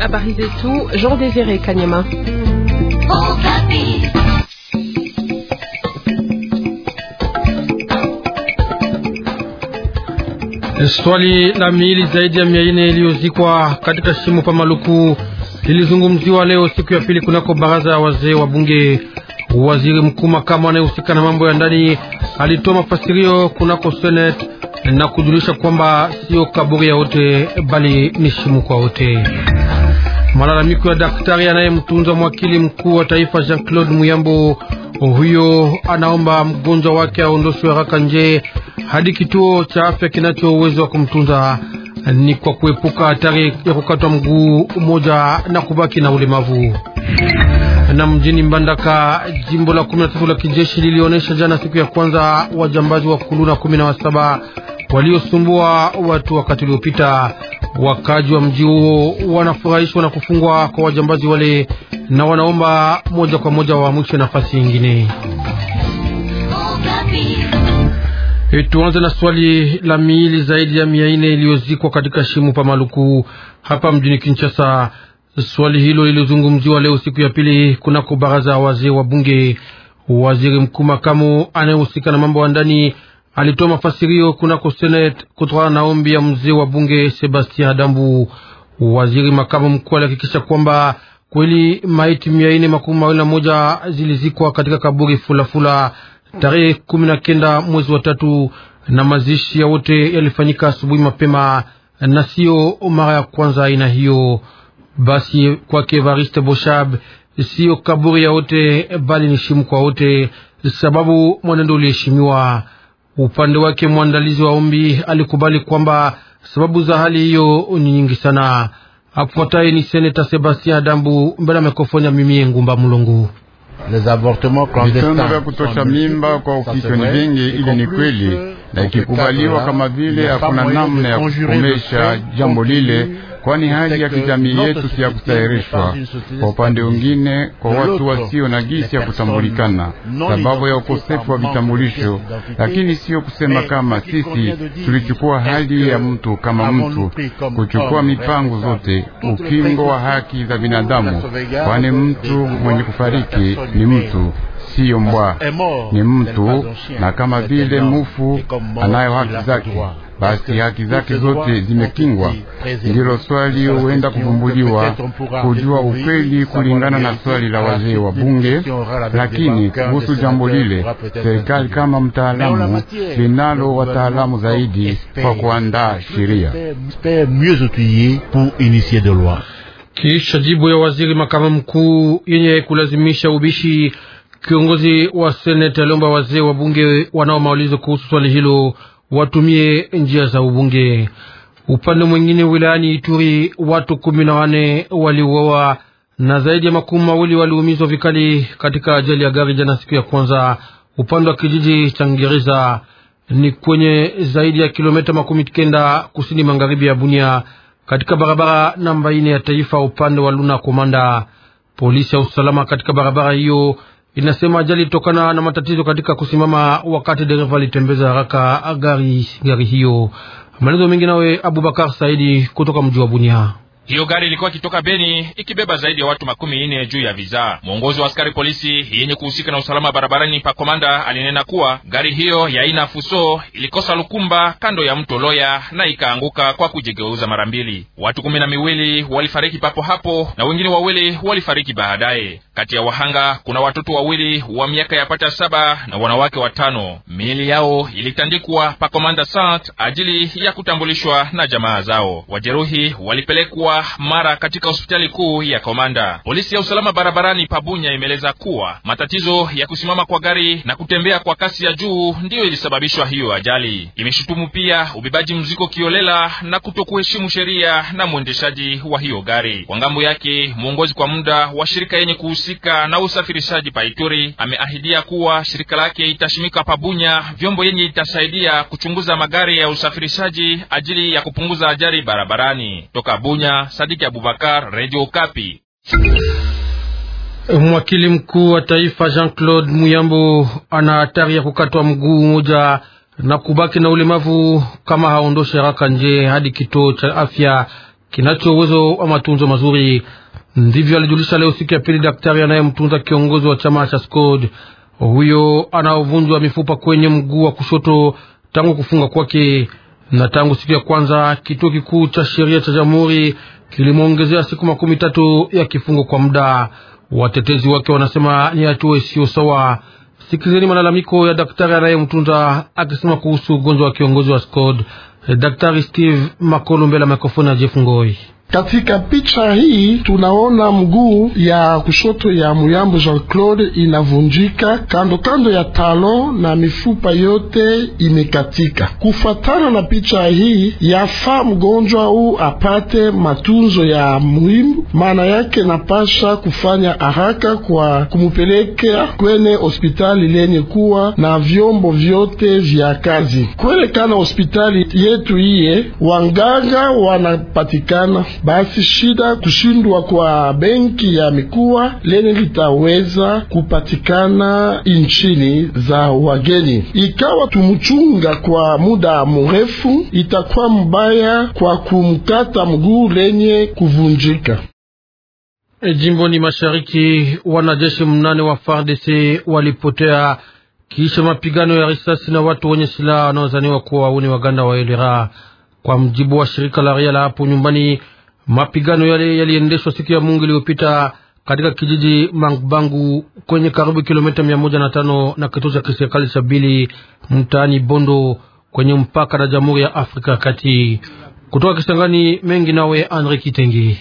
Habari zetu Jean Désiré Kanyama. Swali la miili zaidi ya mia nne iliyozikwa katika shimo pa Maluku lilizungumziwa leo siku ya pili kunako baraza ya wazee wa bunge. Waziri mkuu makamu anayehusika na mambo ya ndani alitoa mafasirio kunako Senate na kujulisha kwamba sio kaburi ya wote bali ni shimo kwa wote. Malalamiko ya daktari anayemtunza mwakili mkuu wa taifa Jean Claude Muyambo, huyo anaomba mgonjwa wake aondoshwe haraka nje hadi kituo cha afya kinacho uwezo wa kumtunza, ni kwa kuepuka hatari ya kukatwa mguu mmoja na kubaki na ulemavu. Na mjini Mbandaka, jimbo la 13 la kijeshi lilionyesha jana siku ya kwanza wajambazi wa kuluna kumi na wasaba waliosumbua watu wakati uliopita. Wakaji wa mji huo wanafurahishwa na kufungwa kwa wajambazi wale na wanaomba moja kwa moja waamushe nafasi nyingine. E, tuanze na swali la miili zaidi ya mia nne iliyozikwa katika shimo pa Maluku hapa mjini Kinshasa. Swali hilo lilizungumziwa leo siku ya pili kunako baraza wazee wa bunge. Waziri mkuu makamu anayehusika na mambo ya ndani alitoa mafasirio kunako Senate kutokana na ombi ya mzee wa bunge Sebastien adambu Waziri makamu mkuu alihakikisha kwamba kweli maiti mia nne makumi mawili na moja zilizikwa katika kaburi fulafula tarehe kumi na kenda mwezi wa tatu, na mazishi ya wote yalifanyika asubuhi mapema na sio mara ya kwanza aina hiyo. Basi kwake Evariste Boshab, siyo kaburi ya wote bali ni shimu kwa wote, sababu mwenendo uliheshimiwa Upande wake mwandalizi wa ombi alikubali kwamba sababu za hali hiyo ni nyingi sana. Afuataye ni seneta Sebastien adambu mbele ya mikrofoni ya mimi Ngumba Mulongo. Vitendo vya kutosha mimba kwa uficho ni vingi, ili ni kweli na ikikubaliwa kama vile hakuna namna ya kukomesha jambo lile kwani hali ya uh, kijamii yetu si ya kutayarishwa. Kwa upande mwingine, kwa watu wasio na gisi ya kutambulikana, sababu ya ukosefu wa vitambulisho, lakini siyo kusema kama sisi tulichukua hali ya mtu kama mtu, kuchukua mipango zote, ukingo wa haki za binadamu, kwani mtu mwenye kufariki ni mtu siyo mbwa, ni mtu, na kama vile mufu anayo haki zake basi haki zake zote zimekingwa. Ndilo swali huenda kuvumbuliwa kujua ukweli kulingana na swali la wazee wa bunge, lakini kuhusu jambo lile, serikali kama mtaalamu linalo wataalamu zaidi kwa kuandaa sheria. Kisha jibu ya waziri makamu mkuu yenye kulazimisha ubishi, kiongozi wa seneti aliomba wazee wa bunge wanao maulizo kuhusu swali hilo watumie njia za ubunge. Upande mwingine, wilayani Ituri watu kumi na wane waliuawa na zaidi ya makumi mawili waliumizwa vikali katika ajali ya gari jana, siku ya kwanza, upande wa kijiji cha Ngereza ni kwenye zaidi ya kilomita makumi kenda kusini magharibi ya Bunia, katika barabara namba ine ya taifa upande wa Luna Komanda. Polisi ya usalama katika barabara hiyo inasema ajali ilitokana na matatizo katika kusimama wakati dereva alitembeza haraka gari gari hiyo. Maelezo mengi nawe Abubakar Saidi kutoka mji wa Bunia. Hiyo gari ilikuwa ikitoka Beni ikibeba zaidi ya watu makumi ine juu ya viza. Mwongozi wa askari polisi yenye kuhusika na usalama barabarani pa Komanda alinena kuwa gari hiyo ya aina Fuso ilikosa lukumba kando ya mto Loya na ikaanguka kwa kujigeuza mara mbili. Watu kumi na miwili walifariki papo hapo na wengine wawili walifariki baadaye. Kati ya wahanga kuna watoto wawili wa miaka yapata saba na wanawake watano. Miili yao ilitandikwa pa Komanda Sant ajili ya kutambulishwa na jamaa zao. Wajeruhi walipelekwa kuchukuliwa mara katika hospitali kuu ya Komanda. Polisi ya usalama barabarani Pabunya imeeleza kuwa matatizo ya kusimama kwa gari na kutembea kwa kasi ya juu ndiyo ilisababishwa hiyo ajali. Imeshutumu pia ubebaji mzigo kiolela na kutokuheshimu sheria na mwendeshaji wa hiyo gari. Kwa ngambo yake, mwongozi kwa muda wa shirika yenye kuhusika na usafirishaji paituri ameahidia kuwa shirika lake itashimika Pabunya vyombo yenye itasaidia kuchunguza magari ya usafirishaji ajili ya kupunguza ajali barabarani. Toka Bunya, Sadiki Abubakar, Radio Kapi. Mwakili mkuu wa taifa Jean-Claude Muyambo ana hatari ya kukatwa mguu mmoja na kubaki na ulemavu kama haondoshe haraka nje hadi kituo cha afya kinacho uwezo wa matunzo mazuri. Ndivyo alijulisha leo siku ya pili daktari anayemtunza kiongozi wa chama cha scode huyo anaovunjwa mifupa kwenye mguu wa kushoto tangu kufunga kwake na tangu siku ya kwanza kituo kikuu cha sheria cha jamhuri kilimwongezea siku makumi tatu ya kifungo kwa muda. Watetezi wake wanasema ni hatua isiyo sawa. Sikilizeni malalamiko ya daktari anayemtunza akisema kuhusu ugonjwa wa kiongozi wa SCOD, Daktari Steve Makolo mbele ya mikrofoni ya Jeff Ngoi. Katika picha hii tunaona mguu ya kushoto ya Muyambo Jean Claude inavunjika kando kando ya talo na mifupa yote imekatika. Kufuatana na picha hii, yafaa mgonjwa huu apate matunzo ya muhimu, maana yake napasha kufanya haraka kwa kumupeleka kwenye hospitali lenye kuwa na vyombo vyote vya kazi. Kwelekana hospitali yetu iye, wanganga wanapatikana basi shida kushindwa kwa benki ya mikuwa lene litaweza kupatikana inchini za wageni. Ikawa tumuchunga kwa muda mrefu, itakuwa mbaya kwa kumkata mguu lenye kuvunjika. E, ni mashariki wanajeshi mnane wa FARDC walipotea kisha mapigano ya risasi na watu wenye silaha wanaozaniwa kuwa wauni Waganda wa elera, kwa mjibu wa shirika la ria la hapo nyumbani. Mapigano yale yaliendeshwa siku ya Mungu iliyopita katika kijiji Mangbangu kwenye karibu kilomita mia moja na tano na kituo cha kiserikali cha Bili mtaani Bondo kwenye mpaka na Jamhuri ya Afrika ya Kati. Kutoka Kisangani mengi nawe Andre Kitengi.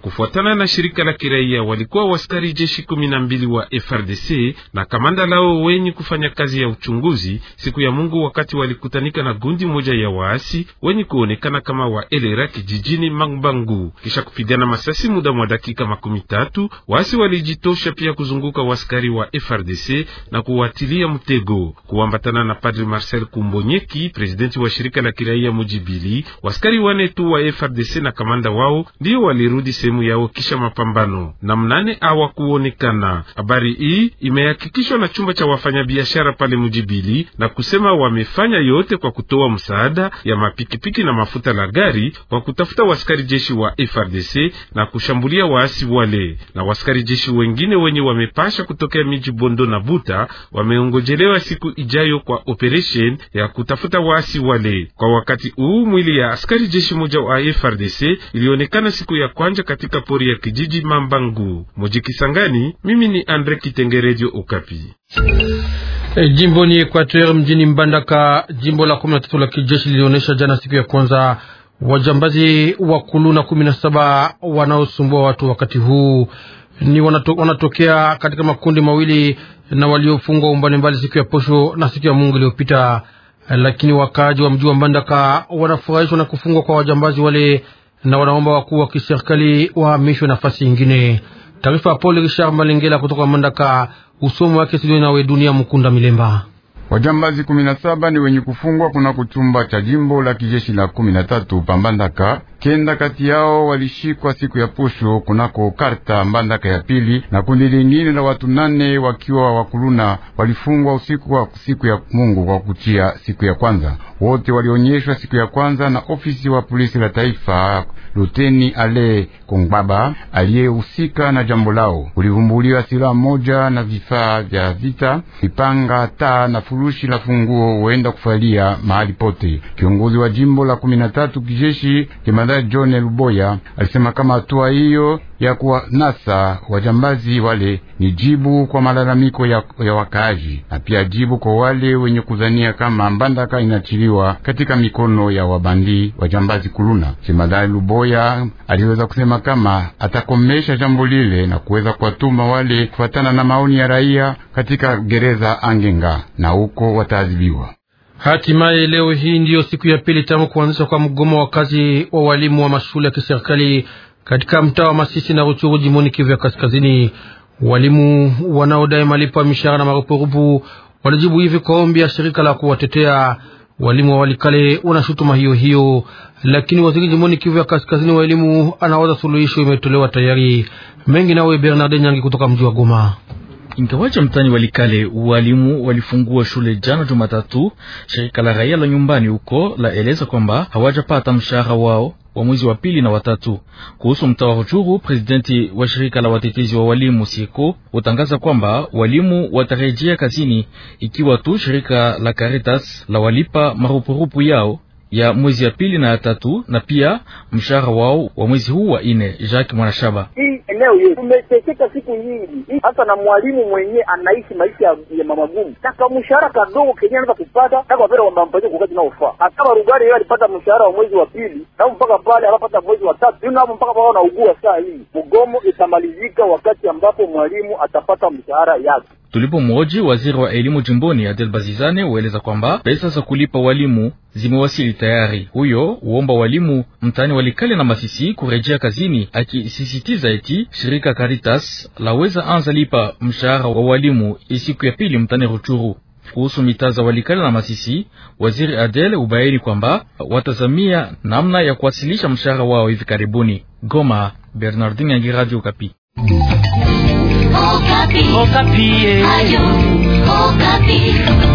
Kufuatana na shirika la kiraia, walikuwa waskari jeshi kumi na mbili wa FRDC na kamanda lao wenye kufanya kazi ya uchunguzi siku ya Mungu, wakati walikutanika na gundi moja ya waasi wenye kuonekana kama wa elera kijijini Mangbangu. Kisha kupigana masasi muda mwa dakika makumi tatu, waasi walijitosha pia kuzunguka waskari wa FRDC na kuwatilia mtego. Kuambatana na Padri Marcel Kumbonyeki, presidenti wa shirika la kiraia Mujibili, waskari wane tu wa FRDC na kamanda wao ndio walirudi sehemu yao kisha mapambano na mnane hawakuonekana. Habari hii imehakikishwa na chumba cha wafanyabiashara pale Mujibili na kusema wamefanya yote kwa kutoa msaada ya mapikipiki na mafuta la gari kwa kutafuta waskari jeshi wa FRDC na kushambulia waasi wale, na waskari jeshi wengine wenye wamepasha kutokea miji Bondo na Buta wameongojelewa siku ijayo kwa operation ya kutafuta waasi wale. Kwa wakati huu mwili ya askari jeshi moja wa FRDC ilionekana siku ya kwanza katika pori ya kijiji Mambangu Mujikisangani. Mimi ni Andre Kitenge, Radio Okapi. E, ni Equateur mjini Mbandaka, jimbo la 13 la kijeshi lilionyesha jana siku ya kwanza wajambazi wa kuluna kumi na saba wanaosumbua watu wakati huu ni wanato, wanatokea katika makundi mawili na waliofungwa umbali mbali siku ya posho na siku ya Mungu iliyopita, lakini wakaaji wa mji wa Mbandaka wanafurahishwa na kufungwa kwa wajambazi wale na wanaomba wakuu wa kiserikali wahamishwe nafasi nyingine. Taarifa ya Paul Richard Malengela kutoka Mandaka, usomo wake studio nawe dunia Mkunda Milemba. Wajambazi kumi na saba ni wenye kufungwa kuna kuchumba cha jimbo la kijeshi la kumi na tatu pa Mbandaka. Kenda kati yao walishikwa siku ya posho kunako karta Mbandaka ya pili, na kundi lingine la watu nane wakiwa wakuluna walifungwa usiku wa siku ya Mungu kwa kuchia siku ya kwanza. Wote walionyeshwa siku ya kwanza na ofisi wa polisi la taifa Luteni Ale Kongbaba aliyehusika na jambo lao. Kulivumbuliwa silaha moja na vifaa vya vita, mipanga, taa na furushi la funguo huenda kufalia mahali pote. Kiongozi wa jimbo la kumi na tatu kijeshi jemadari John Luboya alisema kama hatua hiyo ya kuwanasa wajambazi wale ni jibu kwa malalamiko ya, ya wakaaji na pia jibu kwa wale wenye kudhania kama Mbandaka inachiliwa katika mikono ya wabandi wajambazi kuluna. Jemadari Luboya Mboya aliweza kusema kama atakomesha jambo lile na kuweza kuwatuma wale kufatana na maoni ya raia katika gereza Angenga, na huko wataadhibiwa. Hatimaye leo hii ndiyo siku ya pili tangu kuanzishwa kwa mgomo wa kazi wa walimu wa mashule ya kiserikali katika mtaa wa Masisi na Ruchuru, jimboni Kivu ya Kaskazini. Walimu wanaodai malipo ya mishahara na marupurupu walijibu hivi kwa ombi ya shirika la kuwatetea Walimu wa Walikale wanashutuma hiyo hiyo, lakini waziri jimboni Kivu ya kaskazini wa elimu anawaza suluhisho imetolewa tayari. Mengi nawe Bernard Nyangi kutoka mji wa Goma. Ingawaja mtani Walikale walimu walifungua shule jana Jumatatu, shirika la raia la nyumbani huko laeleza kwamba hawajapata mshahara wao wa mwezi wa pili na watatu. Kuhusu mtaa wa Ruchuru, presidenti wa shirika la watetezi wa walimu Sieko hutangaza kwamba walimu watarejea kazini ikiwa tu shirika la Caritas la walipa marupurupu yao ya mwezi ya pili na ya tatu na pia mshahara wao wa mwezi huu wa ine. Jacques Mwanashaba: hii eneo yetu tumeteseka siku nyingi, hata na mwalimu mwenyewe anaishi maisha ya mamagumu, taka mshahara kadogo kenye anaweza kupata taka wapera wambampaje kukati naofaa hata warugari yeye alipata mshahara wa mwezi wa pili nao mpaka pale anapata mwezi wa tatu yuna hapo mpaka pale anaugua. Saa hii mgomo itamalizika wakati ambapo mwalimu atapata mshahara yake tulipo Tulipomwoji waziri wa elimu jimboni Adel Bazizane hueleza kwamba pesa za kulipa walimu zimewasili tayari. Huyo uomba walimu mtaani Walikale na Masisi kurejea kazini, akisisitiza eti shirika Caritas laweza anza lipa mshahara wa walimu isiku ya pili mtaani Ruchuru. Kuhusu mitaa za Walikale na Masisi, waziri Adel ubaini kwamba watazamia namna ya kuwasilisha mshahara wao hivi karibuni. Goma, Bernardin Yangi, Radio Kapi. Okapi. Okapi. Eh.